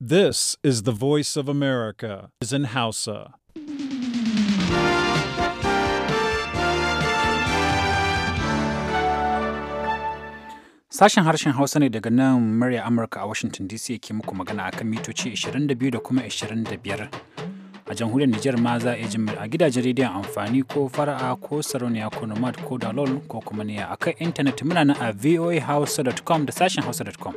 This is the voice of America, is in Hausa. Sashen harshen Hausa ne daga nan murya Amurka a Washington DC ke muku magana akan mitoci 22 da kuma 25. A jamhuriyar Nijar ma za a ji a gidajen rediyon amfani ko fara'a ko sarauniya ko nomad ko dalol ko kuma niya kan intanet muna nan a voahausa.com da sashen hausa.com.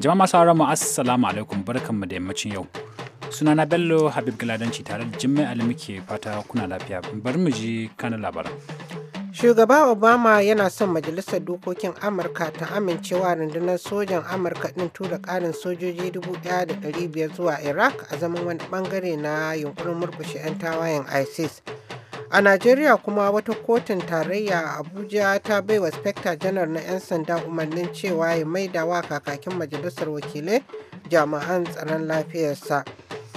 Jama'a masu haramu assalamu alaikum barkanmu da yammacin yau. Sunana Bello Habib Galadanci tare da Jimmai Ali muke fata kuna lafiya. Bari mu ji kana labaran. Shugaba Obama yana son Majalisar Dokokin Amurka ta amincewa rundunar sojan Amurka ɗin tura karin sojoji biyar zuwa Iraq a zaman wani ɓangare na yunkurin murkushe 'yan tawayen ISIS. A Najeriya kuma wata kotun tarayya a Abuja ta baiwa Spectre Janar na 'yan sanda umarnin cewa ya maida wa kakakin majalisar wakilai jami'an tsaron lafiyarsa.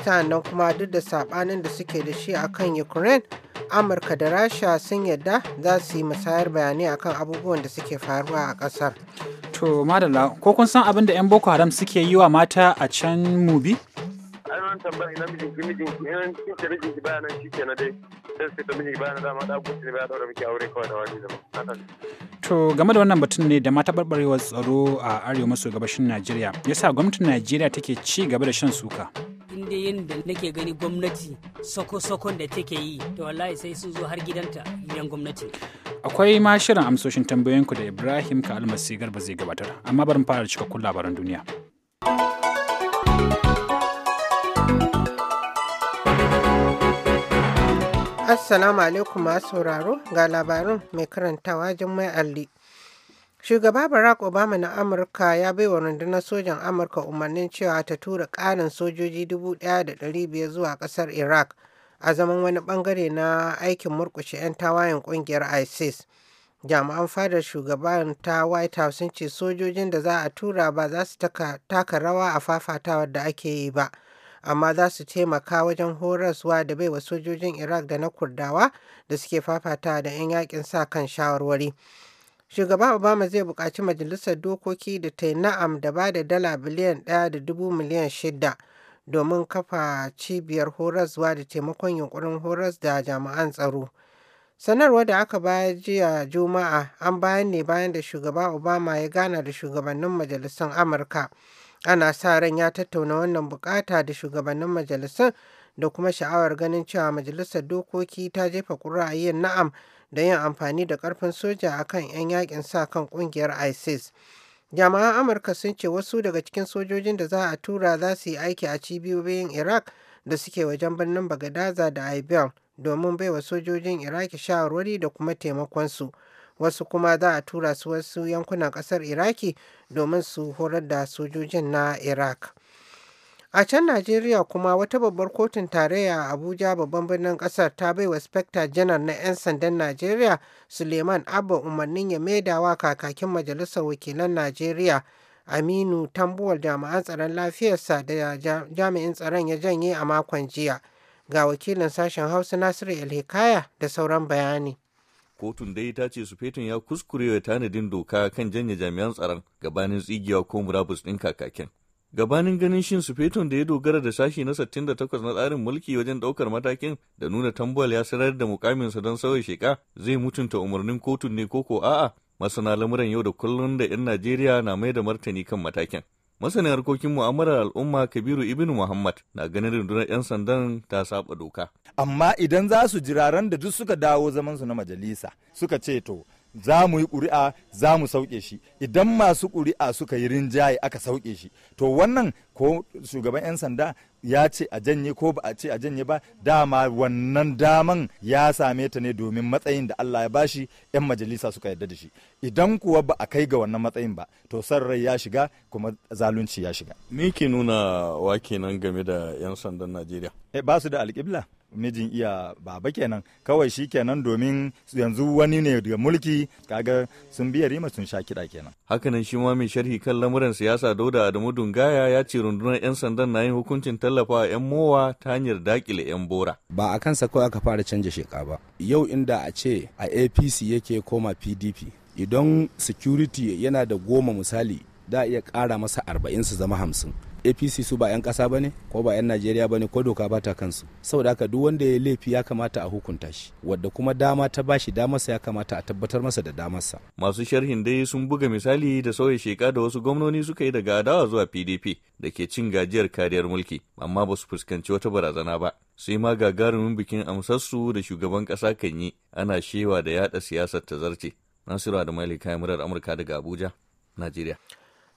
Sannan kuma duk da saɓanin da suke da shi a kan Ukraine, Amurka da Rasha sun yadda za su yi musayar bayanai akan abubuwan da suke faruwa a ƙasar. To, madalla, ko kun san abin da 'yan Boko Haram suke yi wa mata a can mubi? wannan tambaya ina mijin ki mijin ki in kin ce mijin ki bayanan shi kenan dai sai sai ta mijin ki bayanan dama da gudu ne ba da miki aure kawai da wani zama to game da wannan batun ne da mata barbarewar tsaro a arewa maso gabashin Najeriya yasa gwamnatin Najeriya take ci gaba da shan suka inda yadda nake gani gwamnati sako-sakon da take yi to wallahi sai sun zo har gidanta gidan gwamnati akwai ma shirin amsoshin tambayoyinku da ibrahim ka almasi garba zai gabatar amma barin fara cika labaran duniya Assalamu alaikum masu sauraro ga labarin mai karantawa Jummai Alli. Shugaba Barack Obama na Amurka ya baiwa rundunar sojan Amurka umarnin cewa ta tura ƙarin sojoji 1,500 zuwa ƙasar Iraq a zaman wani bangare na aikin murkushe 'yan tawayen ƙungiyar ISIS. Jami'an fadar shugaban ta White House sun ce sojojin da za a tura ba za su taka rawa a fafatawar da ake yi ba. amma za su taimaka wajen horaswa da baiwa sojojin Iraq da na Kurdawa da suke fafata da 'yan yakin sa kan shawarwari. Shugaba Obama zai buƙaci Majalisar Dokoki da ta na'am da ba da dala biliyan ɗaya da dubu miliyan shida domin kafa cibiyar horaswa da taimakon yunkurin horas da jami'an tsaro. sanarwar da aka baya jiya juma'a an bayan ne bayan da shugaba obama ya gana da shugabannin majalisun amurka ana sa ran ya tattauna wannan bukata da shugabannin majalisar da kuma sha'awar ganin cewa majalisar dokoki ta jefa ƙuri'a na'am da yin amfani da ƙarfin soja a kan 'yan yakin sa kan ƙungiyar isis jami'an amurka sun ce wasu daga cikin sojojin da za a tura za su yi aiki a cibiyoyin iraq da suke wajen birnin bagadaza da ibil domin baiwa sojojin iraki shawarwari da kuma taimakonsu. su wasu kuma za a tura su wasu yankunan kasar iraki domin su horar da sojojin na iraq a can najeriya kuma wata babbar kotun tarayya a abuja babban birnin kasar ta bai wa spectre janar na 'yan sandan najeriya suleiman abba umarnin ya maidawa kakakin majalisar wakilan najeriya aminu tambuwal jami'an tsaron lafiyarsa da jami'in tsaron ya janye a makon jiya ga wakilin sashen hausa nasiru el da sauran bayani Kotun dai ta ce sufetin ya kuskure tanadin doka kan janye jami'an tsaron gabanin tsigiya ko murabus ɗin kakakin. gabanin ganin shin sufeton da ya dogara da sashi na 68 na tsarin mulki wajen ɗaukar matakin da nuna tambal ya sanar da mukaminsa don sauya sheka zai mutunta umarnin kotun ne ko ko a'a masana lamuran yau da kullun da 'yan najeriya na mai da martani kan matakin Masanin harkokin mu'amalar al'umma Kabiru Ibn Muhammad na ganin rundunar 'yan sandan ta saba doka. Amma idan za su jiraran da duk suka dawo zaman su na majalisa suka ce to za mu yi ƙuri'a za mu sauke shi idan masu ƙuri'a suka yi rinjaye aka sauke shi to wannan ko shugaban 'yan sanda ya ce a janye ko ba a ce a janye ba dama wannan daman ya same ta ne domin matsayin da Allah ya bashi 'yan majalisa suka yarda da shi idan kuwa ba a kai ga wannan matsayin ba to san rai ya shiga kuma zalunci ya shiga me ke nuna wa kenan game da 'yan sandan Najeriya eh ba su da alƙibla mijin iya baba kenan kawai shi kenan domin yanzu wani ne da mulki kaga sun biya rima sun sha kiɗa kenan hakanan shi ma mai sharhi kan lamuran siyasa dauda adamu dungaya ya ce rundunar yan sandan na yin hukuncin tallafa yan mowa ta hanyar dakile yan bora ba a kansa kawai aka fara canja sheka ba yau inda a ce a apc yake koma pdp idan security yana da goma misali da iya kara masa arba'in su zama hamsin apc su ba 'yan ƙasa ba ne ko ba 'yan najeriya ba ne ko doka ba ta kansu saboda haka duk wanda ya laifi ya kamata a hukunta shi wadda kuma dama ta ba bashi damarsa ya kamata a tabbatar masa da damarsa masu sharhin dai sun buga misali da sauya sheka da wasu gwamnoni suka yi daga adawa zuwa pdp da ke cin gajiyar kariyar mulki amma ba su fuskanci wata barazana ba sai ma gagarumin bikin amsassu da shugaban kasa kan yi ana shewa da yada siyasar ta zarce. nasiru da malika murar amurka daga abuja najeriya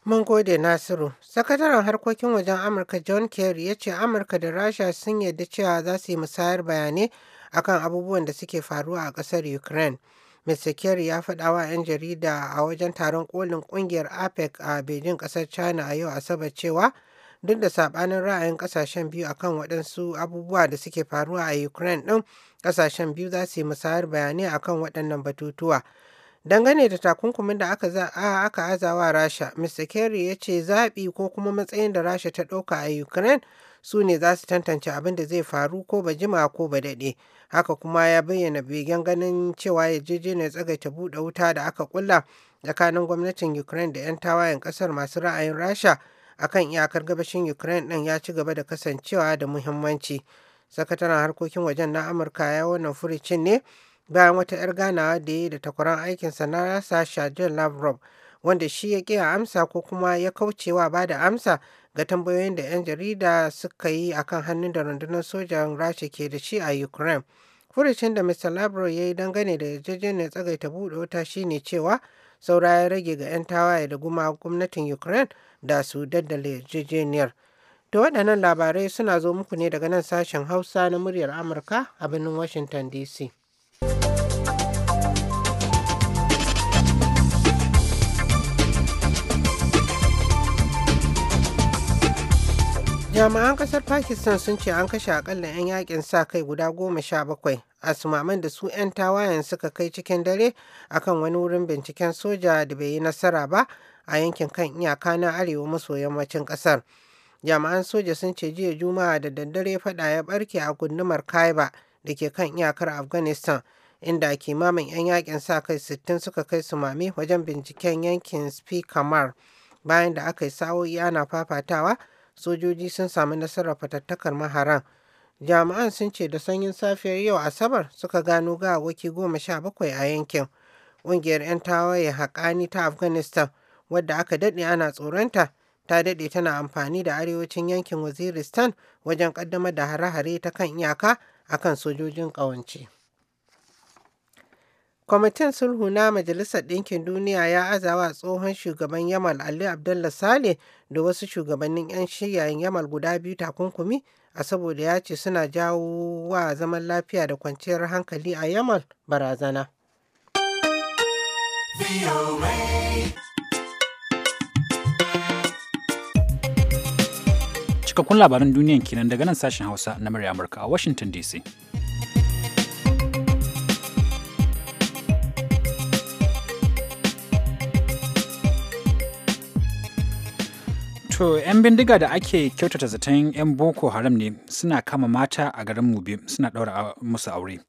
Mun gode Nasiru. Sakataren harkokin wajen Amurka John Kerry ya ce Amurka da Rasha sun yarda cewa za su yi musayar bayanai akan abubuwan da suke faruwa a ƙasar Ukraine. Mr. Kerry ya faɗa wa 'yan jarida a wajen taron kolin ƙungiyar APEC a Beijing ƙasar China a yau Asabar cewa duk da saɓanin ra'ayin ƙasashen biyu akan waɗansu abubuwa da suke faruwa a Ukraine ɗin ƙasashen biyu za su yi musayar bayanai akan waɗannan batutuwa. Dangane da takunkumin da aka, aka azawa Rasha, Mr. Kerry ya ce zaɓi ko kuma matsayin da Rasha ta ɗauka a Ukraine su ne za su tantance abin da zai faru ko ba jima ko ba daɗe. Haka kuma ya bayyana begen ganin cewa ya yarjejeniyar tsagaita buɗe wuta da aka kulla tsakanin gwamnatin Ukraine da 'yan tawayen ƙasar masu ra'ayin Rasha akan iyakar gabashin Ukraine ɗin ya ci gaba da kasancewa da muhimmanci. Sakataren harkokin wajen na Amurka ya wannan furicin ne bayan wata 'yar ganawa da ya yi da takwaran aikinsa na rasa Sergei Lavrov wanda shi ya ƙi amsa ko kuma ya kaucewa ba da amsa ga tambayoyin da 'yan jarida suka yi akan hannun da rundunar sojan Rasha ke da shi a Ukraine. Furucin da Mr. Lavrov ya yi dangane da yarjejeniyar tsagaita buɗe wuta shine cewa saura ya rage ga 'yan tawaye da guma gwamnatin Ukraine da su daddale yarjejeniyar. To waɗannan labarai suna zo muku ne daga nan sashen Hausa na muryar Amurka a birnin Washington DC. jami'an kasar pakistan sun ce an kashe akalla 'yan yakin sa kai guda goma sha bakwai a asimaman da su 'yan tawayen suka kai cikin dare akan wani wurin binciken soja da bai yi nasara ba a yankin kan iyaka na arewa maso yammacin kasar jami'an soja sun ce jiya juma'a da daddare fada ya barke a gundumar kaiba da ke kan iyakar afghanistan inda kimamin 'yan yakin sa kai sittin suka kai su wajen binciken yankin Spikamar, bayan da aka yi sa'o'i ana fafatawa sojoji sun sami nasarar fatattakar maharan jami'an sun ce da sanyin safiyar yau asabar suka gano gawawwaki goma sha bakwai a yankin ƙungiyar 'yan tawaye haƙani ta afghanistan wadda aka daɗe ana tsoronta ta daɗe tana amfani da arewacin yankin waziristan wajen ƙaddamar da hare-hare ta kan iyaka akan sojojin ƙawance. Kwamitin Sulhu na Majalisar Ɗinkin Duniya ya azawa tsohon shugaban Yamal Ali Abdullah sale da wasu shugabannin 'yan shiyayen Yamal guda biyu takunkumi a saboda ya ce suna jawo wa zaman lafiya da kwanciyar hankali a Yamal barazana. Cikakkun labaran duniyan kenan daga nan sashen Hausa na murya Amurka a Washington DC. To 'yan bindiga da ake kyautata zaton 'yan Boko Haram ne suna kama mata a garin Mubi suna ɗaura musu aure.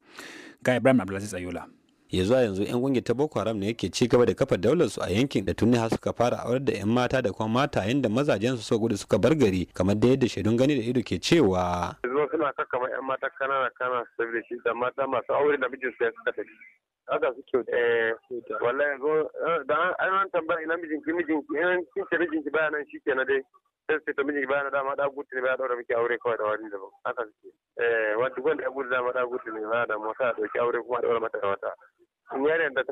Ga Ibrahim Abdulaziz Ayola. ya zuwa yanzu 'yan kungiyar ta boko haram ne yake ci gaba da kafa daularsu a yankin da tuni har suka fara aurar da 'yan mata da kuma mata da mazajen su so gudu suka bar gari kamar da yadda shaidun gani da ido ke cewa. yanzu suna kakkama 'yan mata kanana kanana saboda shi da mata masu aure da mijinsu ya suka tafi. haka su kyauta eh, wallahi yanzu eh, da an an tambaya ina mijinki mijinki in kin ce mijinki baya nan shi kenan dai sai su ta mijinki baya na dama da gutu ne baya daura miki aure kawai da wani daban haka suke eh wanda ya gutu dama da gutu ne baya da mota dauki aure kuma daura mata da wata da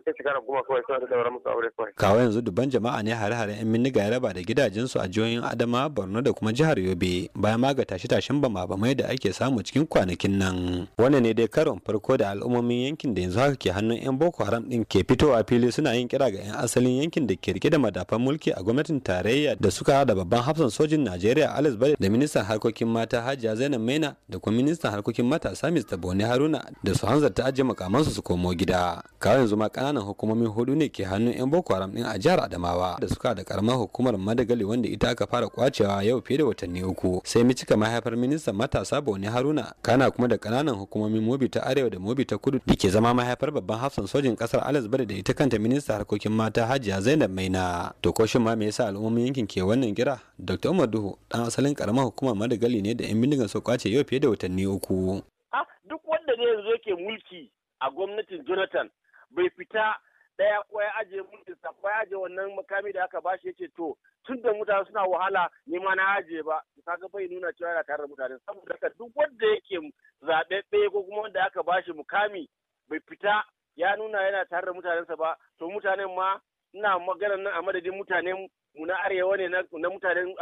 kawai Kawo yanzu dubban jama'a ne hare-haren 'yan bindiga ya raba da gidajensu a jihohin Adama, Borno da kuma jihar Yobe bayan ma ga tashe-tashen bama-bamai da ake samu cikin kwanakin nan. Wannan ne dai karon farko da al'ummomin yankin da yanzu haka ke hannun 'yan Boko Haram din ke fitowa fili suna yin kira ga 'yan asalin yankin da ke rike da madafan mulki a gwamnatin tarayya da suka hada babban hafsan sojin Najeriya Alex Bade da ministan harkokin mata Hajiya Zainab Maina da kuma ministan harkokin matasa Mr. Bone Haruna da su hanzarta ajiye makamansu su komo gida. kawo yanzu ma kananan hukumomin hudu ne ke hannun yan boko haram din a jihar adamawa da suka da karamar hukumar madagali wanda ita aka fara kwacewa yau fiye da watanni uku sai micika mahaifar ministan matasa bauni haruna kana kuma da kananan hukumomin mobi ta arewa da mobi ta kudu da ke zama mahaifar babban hafsan sojin kasar alas bari da ita kanta minista harkokin mata hajiya zainab maina to ko shin ma me yasa al'ummomin yankin ke wannan gira dr umar duhu dan asalin karamar hukumar madagali ne da yan bindigan su kwace yau fiye da watanni uku ah, duk wanda ne yanzu ke mulki a gwamnatin jonathan bai fita ɗaya ko ya aje mulkinsa ko ya aje wannan makami da aka bashi yace to tun da mutane suna wahala ni ma na ajiye ba kaga bai nuna cewa yana tare da mutane saboda ka duk wanda yake zaɓe ko kuma wanda aka bashi mukami bai fita ya nuna yana tare da mutanensa ba to mutanen ma ina magana nan a madadin mutanen Muna na arewa ne na mutanen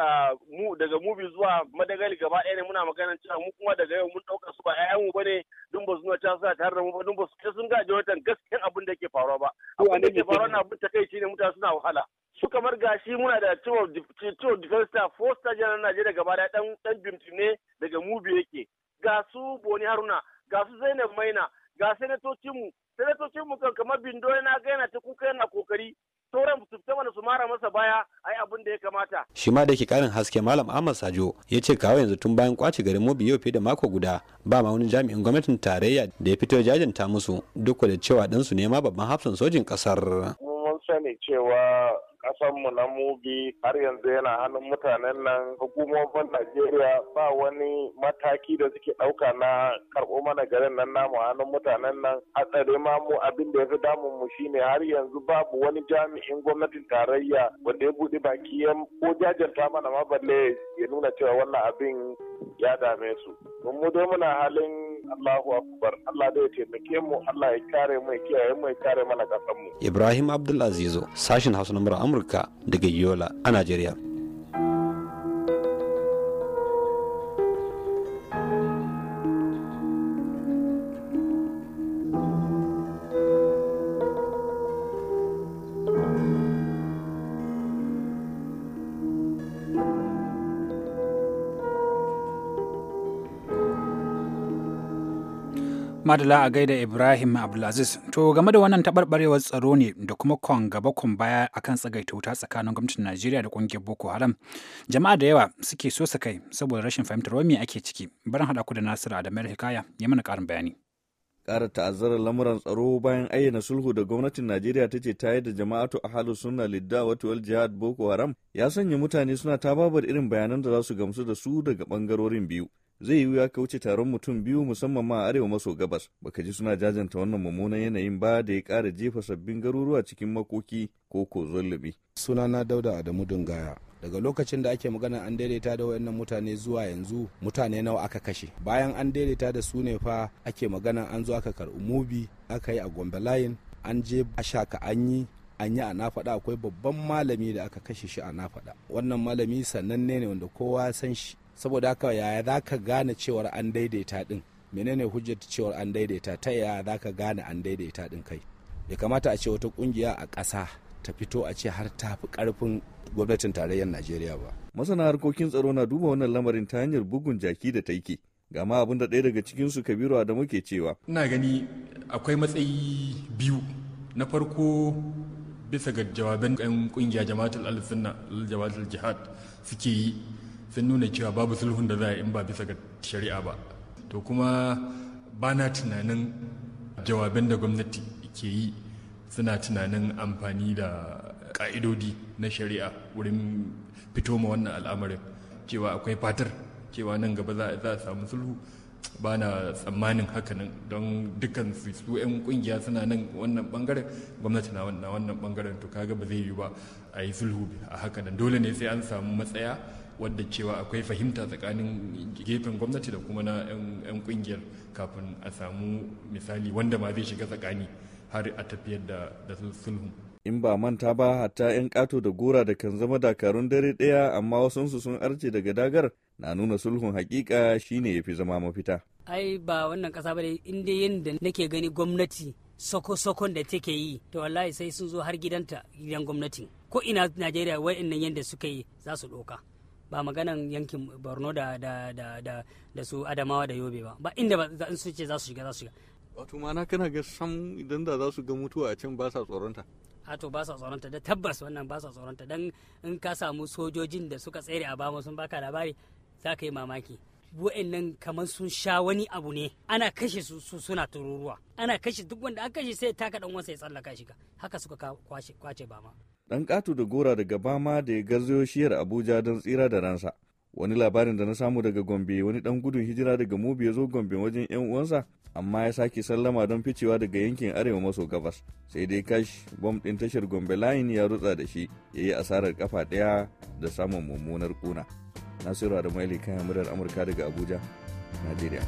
daga mubi zuwa madagali gaba ɗaya ne muna magana cewa mu kuma daga yau mun ɗauka su ba ƴaƴanmu ba ne dun ba su nuna suna tare da mu ba dun ba su sun gaje watan gaskiyan abin da ke faruwa ba abin da ke faruwa na abin takaici ne mutane suna wahala su kamar gashi muna da ciwon defense star four star general Najeriya gaba ɗaya ɗan dan bimtim ne daga mubi yake ga su Boni Haruna ga su Zainab Maina ga sanatocinmu sanatocinmu kan kamar Bindo na ga yana ta kuka yana kokari sauran su fita mana su mara masa baya ai abin da ya kamata shi ma da yake karin haske malam Ahmad Sajo ya ce kawo yanzu tun bayan kwace garin Mobi yau da mako guda ba ma wani jami'in gwamnatin tarayya da ya fito jajanta musu duk da cewa ɗansu ne ma babban hafsan sojin ƙasar mun sani cewa mu na mubi har yanzu yana hannun mutanen nan hukumomin Najeriya ba wani mataki da suke ɗauka na karɓo mana garin nan namu hannun mutanen nan hatsari ma mu abin da ya fi damun mu shine har yanzu babu wani jami'in gwamnatin tarayya wanda ya buɗe baki ya ko jajanta mana ma balle ya nuna cewa wannan abin ya dame su. Mun mu dai muna halin Allahu Akbar Allah da ya taimake mu Allah ya kare mu kiyaye mu ya kare mana kasan mu Ibrahim Abdulaziz sashin Hausa na Amurka daga Yola a Najeriya Madala a gaida Ibrahim Abdulaziz. To game da wannan tabarbarewar tsaro ne da kuma kon gaba kon baya akan tsagaita wuta tsakanin gwamnatin Najeriya da kungiyar Boko Haram. Jama'a da yawa suke so su kai saboda rashin fahimtar me ake ciki. Barin haɗa ku da Nasiru Adamu Hikaya ya mana ƙarin bayani. kara ta'azzarar lamuran tsaro bayan ayyana sulhu da gwamnatin Najeriya ta ce ta yi da jama'atu a halin sunna lidda wal jihad Boko Haram ya sanya mutane suna tababar irin bayanan da za su gamsu da su daga bangarorin biyu. zai yi wuya ka wuce taron mutum biyu musamman ma a arewa maso gabas baka ji suna jajanta wannan mummunan yanayin ba da ya kara jefa sabbin garuruwa cikin makoki ko ko suna na dauda adamu dungaya daga lokacin da ake magana an daidaita da wayannan mutane zuwa yanzu mutane nawa aka kashe bayan an daidaita da su ne fa ake magana an zo aka karɓi mubi aka yi a gombe layin an je ashaka an yi an yi a nafaɗa akwai babban malami da aka kashe shi a nafaɗa wannan malami sannan ne wanda kowa san shi saboda haka yaya za ka gane cewar an daidaita din menene hujjar cewar an daidaita ta yaya za ka gane an daidaita din kai ya kamata a ce wata kungiya a ƙasa ta fito a ce har ta fi ƙarfin gwamnatin tarayyar najeriya ba masana harkokin tsaro na duba wannan lamarin ta hanyar bugun jaki da taiki gama abin da ɗaya daga su kabiru da muke cewa ina gani akwai matsayi biyu na farko bisa ga jawaban 'yan kungiya jama'atul al-sunna jihad suke yi sun nuna cewa babu sulhun da za a in ba bisa ga shari'a ba to kuma ba na tunanin jawabin da gwamnati ke yi suna tunanin amfani da ka'idodi na shari'a wurin fito ma wannan al'amarin cewa akwai fatar cewa nan gaba za a samu sulhu ba na tsammanin hakanan don dukkan su su 'yan kungiya suna nan wannan bangaren gwamnati na wannan bangaren to kaga ba zai yi ba a yi sulhu a hakanan dole ne sai an samu matsaya wadda cewa akwai fahimta tsakanin gefen gwamnati da kuma na 'yan kungiyar kafin a samu misali wanda ma zai shiga tsakani har a tafiyar da sulhu. in ba manta ba hatta 'yan kato da gora da kan zama dakarun dare ɗaya amma wasansu sun arce daga dagar na nuna sulhun hakika shine ya fi zama mafita ai ba wannan kasa ba in dai yadda nake gani gwamnati soko-sokon da take yi to wallahi sai sun zo har gidanta gidan gwamnati ko ina najeriya wa'annan yadda suka yi za su ɗoka ba maganan yankin borno da da da da, da su adamawa da yobe ba ba inda ba in su ce za su shiga za su shiga wato mana kana ga sam idan da za su ga mutuwa a can ba sa tsoronta a to ba sa tsoronta da tabbas wannan ba sa tsoronta dan in ka samu sojojin da suka tsere a bama sun baka labari za ka yi mamaki wa'annan kamar sun sha wani abu ne ana kashe su, suna tururuwa ana kashe duk wanda an kashe sai taka dan wasa ya tsallaka shiga haka suka kwace ba ma dan katu da gora daga bama da ya garzayo shiyar abuja don tsira da ransa wani labarin da na samu daga gombe wani dan gudun hijira daga mubi ya zo gombe wajen yan uwansa amma ya sake sallama don ficewa daga yankin arewa maso gabas sai dai kash bom ɗin tashar gombe layin ya rutsa da shi ya yi asarar kafa daya da samun mummunar kuna nasiru da maili kayan murar amurka daga abuja nigeria.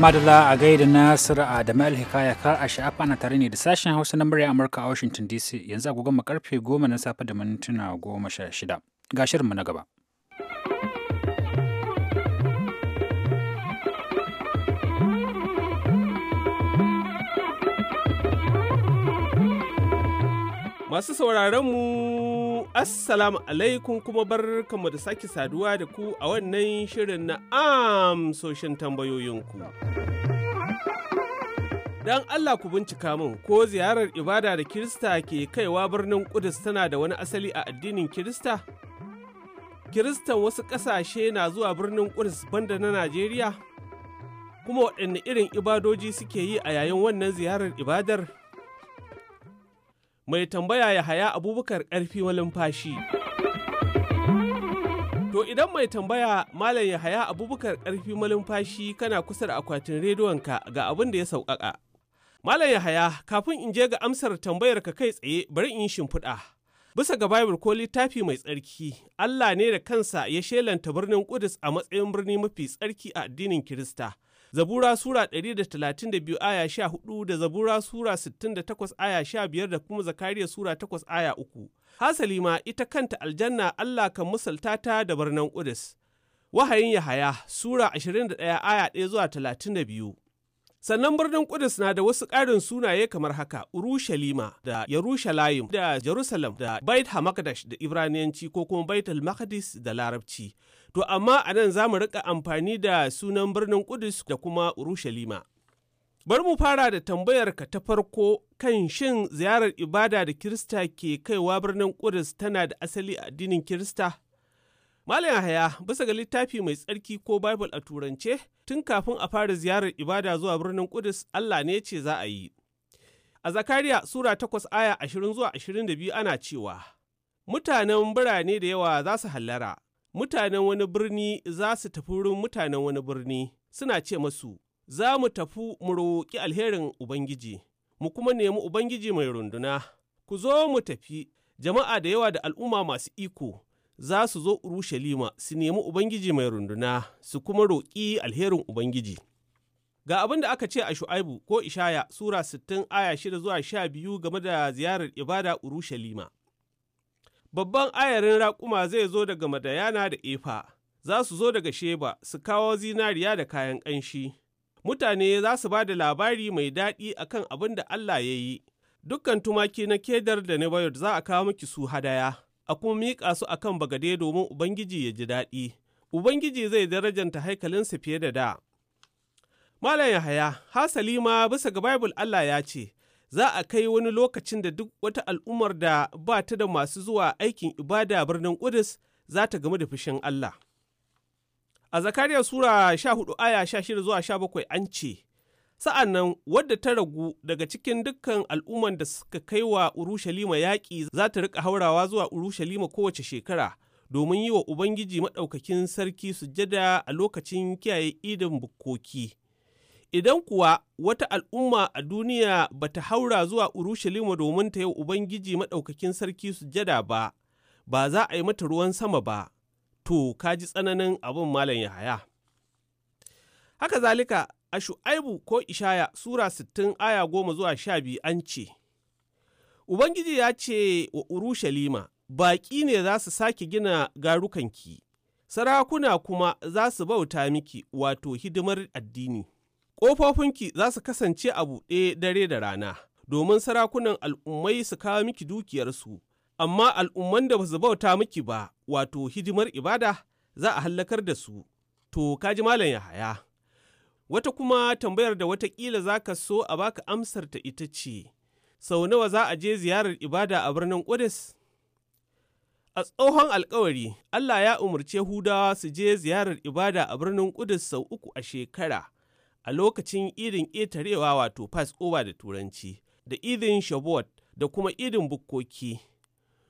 madala a gaida a adamu alhikaya kar a sha'afa na tare ne da sashen hausa na murya amurka a washington dc yanzu agogon mu karfe goma na safe da mintuna goma sha shida ga shirinmu na gaba masu sauraron mu Assalamu alaikum kuma barkanmu da sake saduwa da ku a wannan shirin na amsoshin tambayoyinku. Dan Allah ku bincika min ko ziyarar ibada da Kirista ke kaiwa birnin Kudus tana da wani asali a addinin Kirista? Kiristan wasu ƙasashe na zuwa birnin Kudus banda na Najeriya? Kuma waɗanne irin ibadoji suke yi a yayin wannan ziyarar ibadar? mai tambaya ya haya abubakar ƙarfi malumfashi. To idan mai tambaya malam ya haya abubakar ƙarfi malumfashi kana kusa da akwatin rediyonka ga abin da ya sauƙaƙa. Malam ya haya kafin in je ga amsar tambayar ka kai tsaye bari in shimfiɗa. Bisa ga Bible ko littafi mai tsarki, Allah ne da kansa ya shelanta birnin Kudus a matsayin birni mafi tsarki a addinin Kirista. Zabura Sura 132 aya 14 da Zabura Sura 68 aya 15 da kuma Zakariya Sura 8 aya 3. Hasali ma ita kanta aljanna Allah kan musalta ta da birnin Kudus. Wahayin Yahaya Sura 21 aya 1 zuwa 32. Sannan birnin Kudus na da wasu ƙarin sunaye kamar haka Urushalima da Yerushalayim da Jerusalem da Bait Hamakdash da Ibraniyanci ko kuma Bait al da Larabci. To amma a nan za mu riƙa amfani da sunan birnin Kudus da kuma Urushalima. Bari mu fara da tambayar ka ta farko kan shin ziyarar ibada da Kirista ke kaiwa birnin Kudus tana da asali a addinin Kirista? Malam Yahaya bisa ga littafi mai tsarki ko Bible a turance tun kafin a fara ziyarar ibada zuwa birnin Kudus Allah ne ce za a yi. A Zakariya Sura 8 aya 20 zuwa 22 ana cewa, Mutanen birane da yawa za su hallara, mutanen wani birni za su tafi wurin mutanen wani birni, suna ce masu, Za mu tafi mu roƙi alherin Ubangiji, mu kuma nemi Ubangiji mai runduna, ku zo mu tafi, jama'a da yawa da al'umma masu iko za su zo Urushalima su nemi Ubangiji mai runduna, su kuma roƙi alherin Ubangiji. Ga abin da aka ce a Shu'aibu ko Ishaya Sura sittin, aya 6 zuwa 12 game da ziyarar ibada Urushalima. Babban ayarin raƙuma zai zo daga Madayana da Efa, za su zo daga Sheba su kawo zinariya da kayan ƙanshi. Mutane za su ba da labari mai daɗi akan abin da Allah ya yi. Dukkan tumaki na kedar da Nebayot za a kawo miki su hadaya, a kuma miƙa su akan bagade domin Ubangiji ya ji daɗi. Ubangiji zai darajanta haikalinsa fiye da da. Malam Yahaya, ha Salima, bisa ga Bible Allah ya ce, za a kai wani lokacin da duk wata al'ummar da ba ta da masu zuwa aikin ibada birnin Ƙudus za ta gamu da fushin Allah. A Zakariya Sura 14 aya 16 zuwa 17 an ce, Sa'an nan wadda ta ragu daga cikin dukkan al'umman da suka kai wa Urushalima yaƙi za ta riƙa haurawa zuwa Urushalima kowace shekara domin yi wa Ubangiji Maɗaukakin Sarki sujada a lokacin kiyaye idin bukoki. Idan kuwa wata al'umma a duniya ba ta haura zuwa Urushalima domin ta yi Ubangiji Maɗaukakin Sarki sujada ba, ba za a yi mata ruwan sama ba, to, ka ji tsananin abin Malam Yahaya. Haka zalika, a Shu'aibu ko Ishaya Sura sittin aya goma zuwa sha biyu an ce, Ubangiji ya ce wa Urushalima, baƙi ne za su sake gina garukanki, sarakuna kuma za su bauta miki wato hidimar addini. ƙofofinki za su kasance a buɗe dare da rana domin sarakunan al'ummai su kawo miki dukiyarsu, amma al'umman da ba su bauta miki ba, wato hidimar ibada, za a hallakar da su. To, ka ji Malam ya haya. Wata kuma tambayar da watakila za ka so a baka amsar ta ita ce, sau nawa za a je ziyarar ibada a birnin Ƙudus? A tsohon alkawari, Allah ya umarci hudawa su je ziyarar ibada a birnin Ƙudus sau uku a shekara. a lokacin irin ƙetarewa wato pass over da turanci da irin shabot da kuma irin bukkoki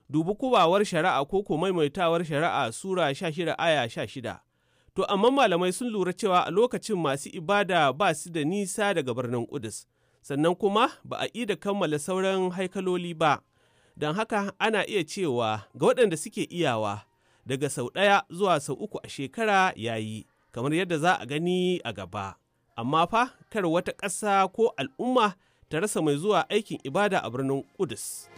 dubu kubawar shari'a ko ko maimaitawar shari'a sura 16 aya 16 to amma malamai sun lura cewa a lokacin masu ibada ba su da nisa daga birnin Kudus sannan kuma ba a ida kammala sauran haikaloli ba don haka ana iya cewa ga waɗanda suke iyawa daga sau ɗaya zuwa sau uku a shekara yayi kamar yadda za a gani a gaba. amma fa kar wata ƙasa ko al'umma ta rasa mai zuwa aikin ibada a birnin Kudus.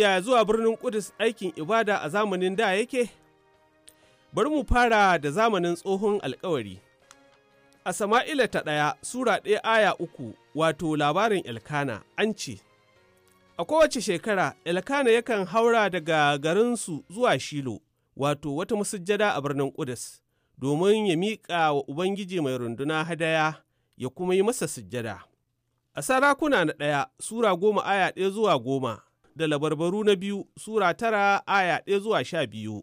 ya zuwa birnin Kudus aikin ibada a zamanin da yake? Bari mu fara da zamanin tsohon alkawari. A Sama'ila ta ɗaya, Sura ɗaya aya uku, wato labarin Elkana, an ce, A kowace shekara, Elkana yakan haura daga garinsu zuwa Shilo, wato wata masujjada a birnin Kudus, domin ya miƙa wa Ubangiji mai runduna hadaya ya kuma yi masa sujjada. A sarakuna na ɗaya, Sura goma aya ɗaya zuwa goma, da labarbaru na biyu Sura tara aya ɗaya zuwa sha biyu.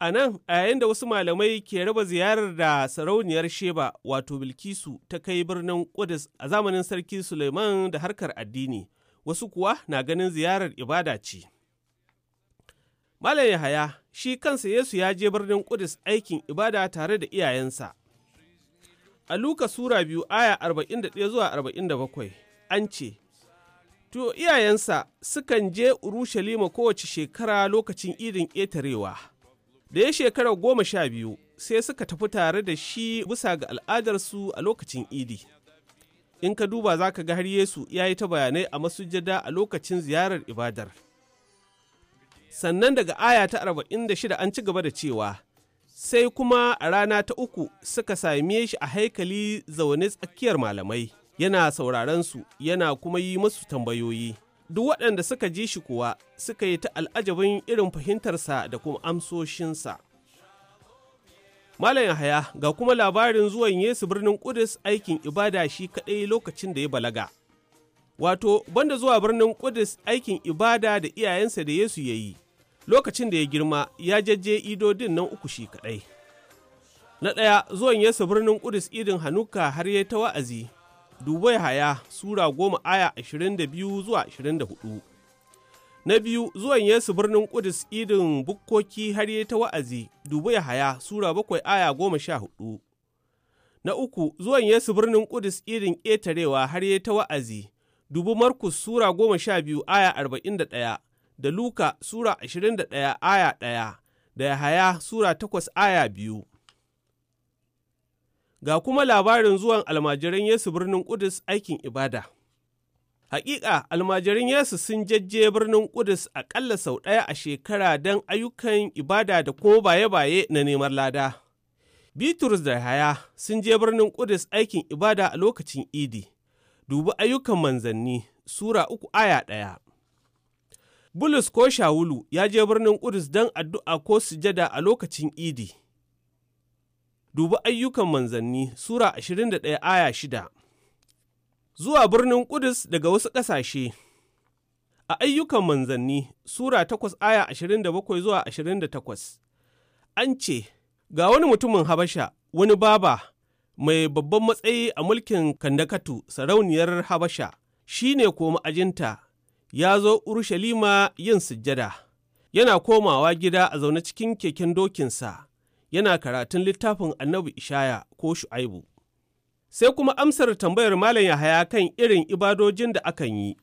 A nan, a yayin da wasu malamai ke raba ziyarar da sarauniyar Sheba wato Bilkisu ta kai birnin Kudus a zamanin Sarki Suleiman da harkar addini, wasu kuwa na ganin ziyarar ibada ce. Malam Yahaya, shi kansa Yesu ya je birnin Kudus aikin ibada tare da iyayensa. A Luka Sura biyu aya 41 zuwa 47, an ce, To iyayensa sukan je Urushalima kowace shekara lokacin idin ƙetarewa. Da ya shekara goma sha biyu sai suka tafi tare da shi bisa ga al'adarsu a lokacin idi. In ka duba za ka ga har Yesu ya yi ta bayanai a masujada a lokacin ziyarar ibadar. Sannan daga aya ta arba'in da shida an ci gaba da cewa, sai kuma a rana ta uku suka same shi a haikali zaune tsakiyar malamai. yana sauraron su yana kuma yi musu tambayoyi. Duk waɗanda suka ji shi kuwa suka yi ta al'ajabin irin fahimtarsa da kuma amsoshinsa. Malam Yahaya ga kuma labarin zuwan Yesu birnin Kudus aikin ibada shi kaɗai lokacin da ya balaga. Wato, banda zuwa birnin Kudus aikin ibada da iyayensa da Yesu ya yi, lokacin da ya girma ya jajje idodin nan uku shi kaɗai. Na ɗaya zuwan Yesu birnin Kudus idin Hanuka har ya ta wa'azi dubai haya Sura goma aya 22 zuwa 24. Na biyu zuwan Yesu birnin Kudus idin bukkoki har ta wa'azi dubai haya Sura bakwai aya goma sha hudu. Na uku zuwan Yesu birnin Kudus idin ƙetarewa har ta wa'azi dubu Markus Sura goma sha biyu aya arba'in da ɗaya da Luka Sura ashirin da ɗaya aya ɗaya da Yahaya Sura takwas aya biyu. Ga kuma labarin zuwan almajiran Yesu birnin Kudus aikin ibada. Hakika almajiran Yesu sun jajje birnin Kudus aƙalla sau ɗaya a shekara don ayyukan ibada da kuma baye-baye na neman lada. Bitrus da Haya sun je birnin Kudus aikin ibada a lokacin Idi. Dubi ayyukan manzanni, Sura uku aya ɗaya. Bulus ko Shawulu ya je birnin Kudus don addu'a ko sujada a lokacin Idi. Dubi ayyukan manzanni Sura 21 aya shida. Zuwa birnin Kudus daga wasu ƙasashe. A ayyukan manzanni Sura 8 aya 27 zuwa 28. An ce, Ga wani mutumin Habasha, wani baba, mai babban matsayi a mulkin Kandakatu, sarauniyar Habasha, shi ne ko ajinta ya zo Urushalima yin sujjada. Yana komawa gida a zaune cikin keken dokinsa. yana karatun littafin annabi Ishaya ko Shu'aibu. Sai kuma amsar tambayar Malam Yahaya kan irin ibadojin da akan yi.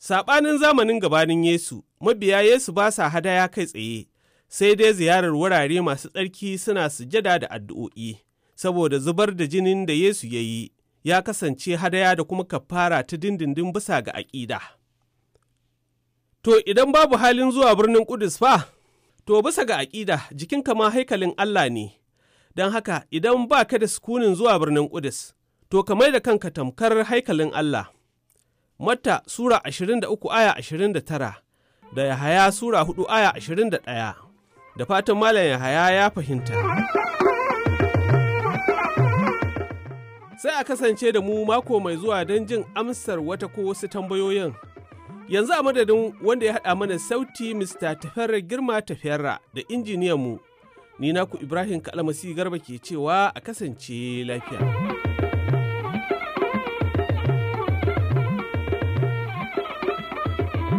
Saɓanin zamanin gabanin Yesu, mabiya Yesu ba sa hadaya kai tsaye, sai dai ziyarar wurare masu tsarki suna sujada da addu'o'i, saboda zubar da jinin da Yesu ya yi, ya kasance hadaya da kuma kafara ta dindindin bisa ga aƙida. To, idan babu halin zuwa birnin Kudus fa? To bisa ga aƙida jikinka ma haikalin Allah ne, don haka idan ba ka da sukunin zuwa birnin Ƙudus, to ka mai da kanka tamkar haikalin Allah. Matta Sura 23 aya 29 da Yahaya Sura 4 aya 21 da fatan Malam Yahaya ya fahimta. Sai a kasance da mu mako mai zuwa don jin amsar wata ko wasu tambayoyin. Yanzu a madadin wanda ya haɗa mana sauti Mr. Tafera Girma Tafera da injiniyanmu, ni naku Ibrahim Kalmasi Garba ke cewa a kasance lafiya.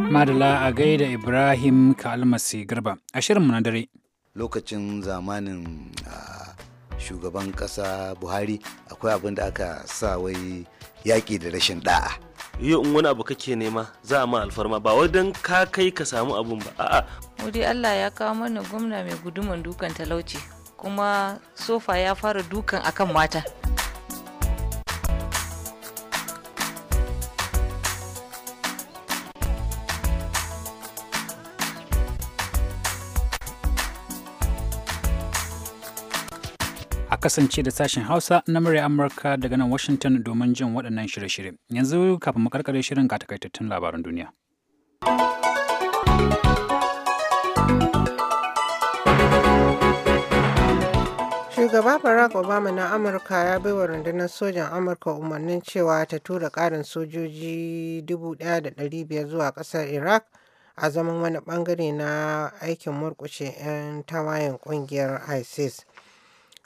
Madala a gaida Ibrahim Kalmasi Garba a shirin na dare. Lokacin zamanin shugaban ƙasa Buhari akwai abin da aka sa wai yaƙi da rashin ɗa'a. yau in wani abu kake nema za a ma alfarma ba wai don ka kai ka samu abun ba a'a wuri Allah ya kawo mana gwamna mai guduman dukan talauci kuma sofa ya fara dukan akan mata kasance da sashen Hausa na murya Amurka daga nan Washington domin jin waɗannan shirye-shirye. Yanzu kafin mu karkare shirin ga takaitattun labaran duniya. Shugaba Barack Obama na Amurka ya bai wa rundunar sojan Amurka umarnin cewa ta tura ƙarin sojoji 1,500 zuwa ƙasar Iraq a zaman wani bangare na aikin murkushe 'yan tawayen ƙungiyar ISIS.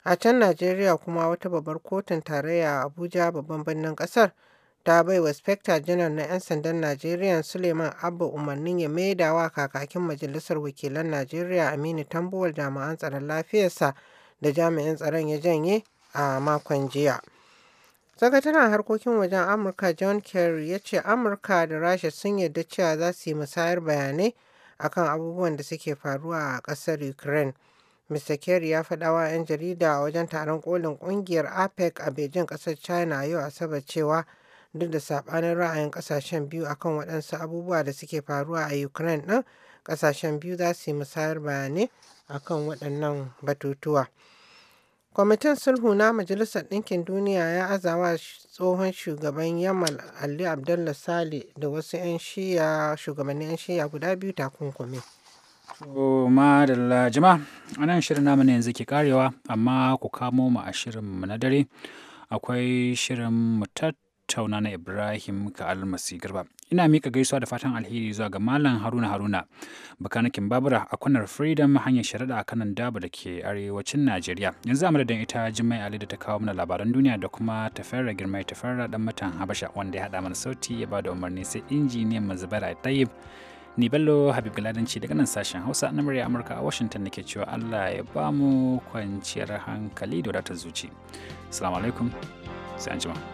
A can Najeriya kuma wata babbar kotun tarayya a Abuja babban birnin ƙasar ta baiwa "Spectre Janar na 'yan sandan Najeriya Suleiman Abba umarnin ya maida wa kakakin Majalisar Wakilan Najeriya Aminu Tambuwal jami'an tsaron lafiyarsa da jami'in tsaron ya janye a makon jiya. Sakataren harkokin wajen Amurka John Kerry ya ce Amurka da Rasha sun yarda cewa za su yi musayar bayanai akan abubuwan da suke faruwa a ƙasar Ukraine. Mr. Kerry ya faɗa wa 'yan jarida a wajen taron kolin ƙungiyar APEC a Beijing ƙasar China yau Asabar cewa duk da saɓanin ra'ayin ƙasashen biyu akan waɗansu abubuwa da suke faruwa a Ukraine ɗin, ƙasashen biyu za su yi musayar bayanai akan waɗannan batutuwa. Kwamitin Sulhu na Majalisar Ɗinkin Duniya ya azawa tsohon shugaban Yamal Ali Abdullah Sale da wasu 'yan shiya shugabannin 'yan shiya guda biyu takunkumi. To madalla jima, a nan shirin namu yanzu ke karewa amma ku kamo mu a shirinmu na dare akwai shirin mu tattauna na Ibrahim ka almasi garba. Ina mika gaisuwa da fatan alheri zuwa ga Malam Haruna Haruna, bakanakin babura a kwanar Freedom hanyar sharaɗa a kanan daba da ke arewacin Najeriya. Yanzu a da ita Jimai Ali da ta kawo mana labaran duniya da kuma tafarra girma tafarra dan matan Habasha wanda ya haɗa mana sauti ya ba da umarni sai injiniyan mazubara Zubairu Tayyib. Ni Bello Habib Galadanci daga nan sashen Hausa na murya Amurka a Washington ke cewa Allah ya ba mu kwanciyar hankali da wadatar zuci. Assalamu alaikum, sai an jima.